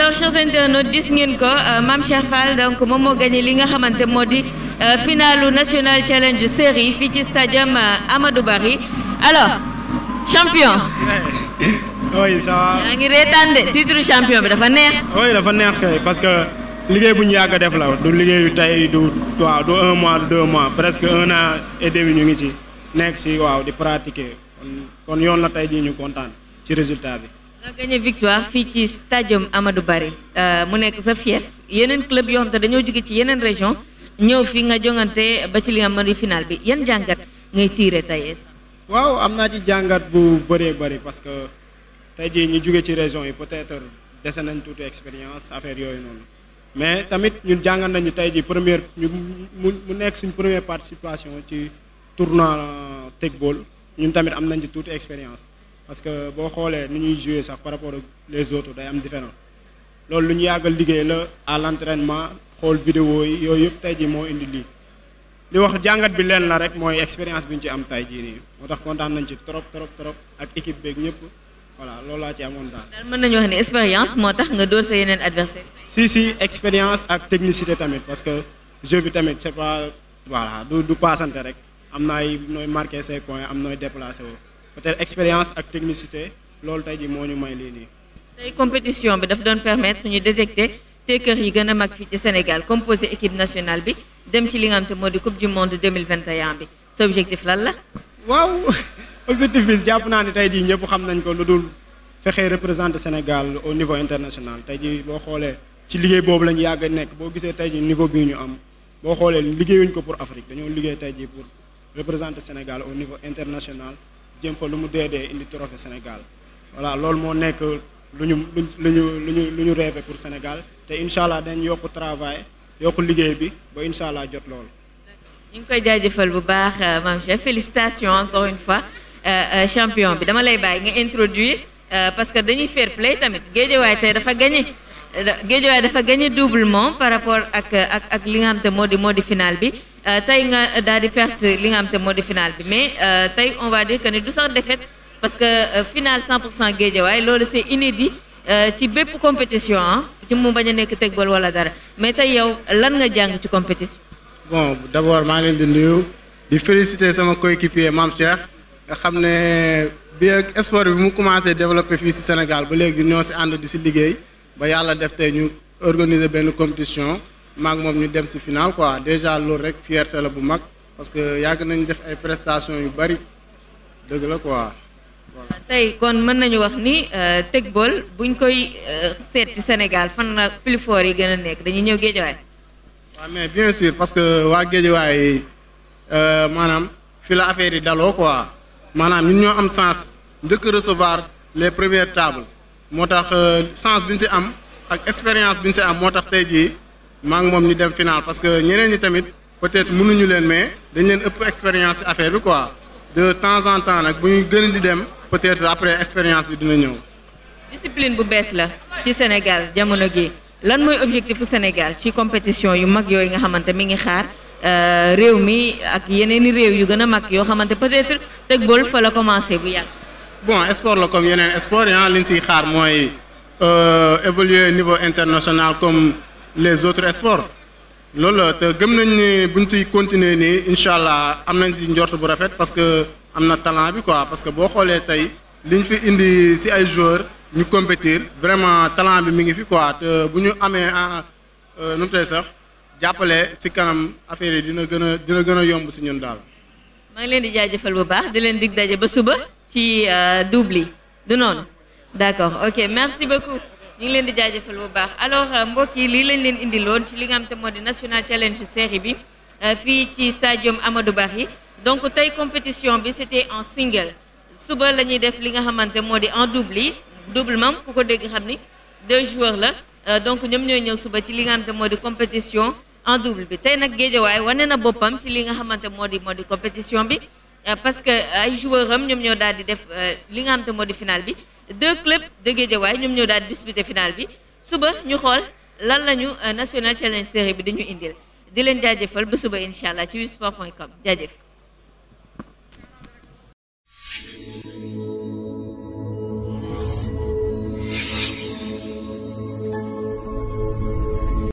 alors chers internautes dis-nous ko euh, Mme Chafal, comment donc moom moo gagné li nga xamante euh, national challenge série fii Stadium stadium euh, Amadou Barry alors champion. oui ça va. est ngi titre champion bi dafa oui la neex parce que liggéey bu ñu fait. de la du liggéeyu un mois deux mois presque un an et demi ñu est ci nekk si pratiquer kon kon yoon la tey jii résultat nga gagné victoire fii ci stadium Amadou Barry euh, mu nekk sa fief yeneen club yoo dañoo jóge ci yeneen région ñëw fii nga jongante ba ci li nga mën final bi yan jàngat ngay tiire tey waaw am naa ci jàngat bu bëree bëri parce que tey jii ñu jóge ci région yi peut-être dese nañ tuuti expérience affaire yooyu noonu mais tamit ñun jàngat nañu tey jii première ñu mu nekk suñ première participation ci tournoi teg bool ñun tamit am nañ ci tuuti expérience parce que bo xolé ni ñuy jouer sax par rapport aux les autres day am différence loolu lu ñu yagal a liggéey la à l'entraînement xol vidéo yi yooyu yëpp tey jii moo indi li li wax jangat bi leen la rek moy expérience bi ñu ci am tey jii nii moo tax nañ ci trop trop trop ak équipe beeg ñep voilà loolu la ci amoon daal. daal mën nañu wax ni expérience motax nga dóor sa adversaire si si expérience ak technicité tamit parce que jeu bi tamit c'est pas voilà du du passante rek am na ay nooy marqué ses points am noy déplacer peut-être expérience ak technicité loolu tey ji moo ñu may lii nii. compétition bi daf permettre ñu détecter teekër yi gën a mag ci Sénégal composé équipe nationale bi dem ci li nga xam moo di coupe du monde 2021 bi sa objectif lan la. waaw objectif bi jàpp naa ne tey jii ñëpp xam nañ ko lu dul fexe représenter Sénégal au niveau international tey jii boo xoolee ci liggéey boobu la ñu yàgg nekk boo gisee tey jii niveau bii ñu am boo xoolee liggéeyuñ ko pour Afrique dañoo liggéey tey jii pour représenter Sénégal au niveau international jëm fa lu mu dee indi trophée Sénégal voilà loolu moo nekk lu ñu lu ñu lu ñu lu ñu rêvé pour Sénégal te incha allah dañ yokk travail yokk liggéey bi ba incha allah jot loolu. ñu ngi koy jaajëfal bu baax euh, Mam chef félicitations encore une fois euh, euh, champion bi dama lay bàyyi nga introduire parce que dañuy fair play tamit Guédiawaye tey dafa gagné. Guédiawaye dafa gagné doublement par rapport ak ak ak li nga xam modi moo final bi euh, tay nga daal perte li nga xam te final bi mais euh, tay on va dire que ne du sax défaite parce que euh, final 100 pour cent Guédiawaye c'est inédit ci bép compétition hein, ci mu baña nek nekk tegbal wala dara mais tay yow lan nga jang ci compétition. bon d'abord ma ngi leen di nuyu di féliciter sama coéquipier Mam Cheikh nga xamné ne ak sport bi mu commencé développer fi ci Sénégal ba légui ñoo ci and di ci liggéey ba yàlla def tey ñu organiser ben compétition maak mom ñu dem ci final quoi déjà lool rek fierté la bu mag parce que yag nañ def ay prestations yu bari deug la quoi. tay kon mën nañu wax ni euh, tegbol buñ koy euh, seet ci Sénégal fan la plus fort yi gëna a nekk dañuy ñëw Géejawaay. waaw mais bien sûr parce que wa waa euh manam fi la affaire yi dalo quoi manam ñun ñoo am sens de recevoir les premières tables moo tax euh, chance bi ñu si am ak expérience bi ñu si am moo tax tey jii maa ngi moom ñu dem final parce que ñeneen ñi tamit peut-être mënuñu leen mais dañ leen ëpp expérience affaire bi quoi de temps en temps nag bu ñu gën di dem peut-être après expérience bi dina ñëw. discipline bu bees la ci Sénégal jamono gi lan mooy objectif bu Sénégal ci compétition yu mag yooyu nga xamante mi ngi xaar. Euh, réew mi ak yeneen i réew yu gën a mag yoo xamante peut-être teg bol fa la commencé bu yàgg bon sport la comme yeneen sport yi hein, li ñu siy xaar mooy euh, évoluer niveau international comme les autres sports loolu te gëm nañ ne buñ ciy continuer ni inshallah allah am nañ bu rafet parce que amna talent bi quoi parce que bo xolé tay liñ fi indi si ay joueurs ñu compétir vraiment talent bi mi ngi fi quoi te buñu amé amee ah, ah, euh, nu tay sax jappalé ci kanam affaire yi dina gëna dina gëna yomb si ñun daal. maa ngi leen di jaajëfal bu baax di leen dig dajé ba suba ci euh, double non, du noonu d'accord ok merci beaucoup ñu ngi leen di jaajëfal bu baax alors euh, mbokk yi lii lañ leen indi loon ci li nga xam te national challenge série bi euh, fii ci stadium Amadou Barry donc tey compétition bi c'était en single suba la ñuy def li nga xamante moo di en double doublement, double moom ku ko dégg xam deux joueurs là. donc ñoom ñooy ñëw suba ci li nga xamante moo compétition en double bi tey nag Guédiawaye wane na boppam ci li nga xamante moo di moo compétition bi Euh, parce que euh, ay joueurs am ñoom ñoo daal di def euh, li nga xam moo di final bi deux clubs de Guédiawaye ñoom ñoo daal di disputé final bi suba ñu xool lan la ñu national challenge série bi dañu indil di leen jaajëfal ba suba incha allah ci wiwsport point com jaajëf.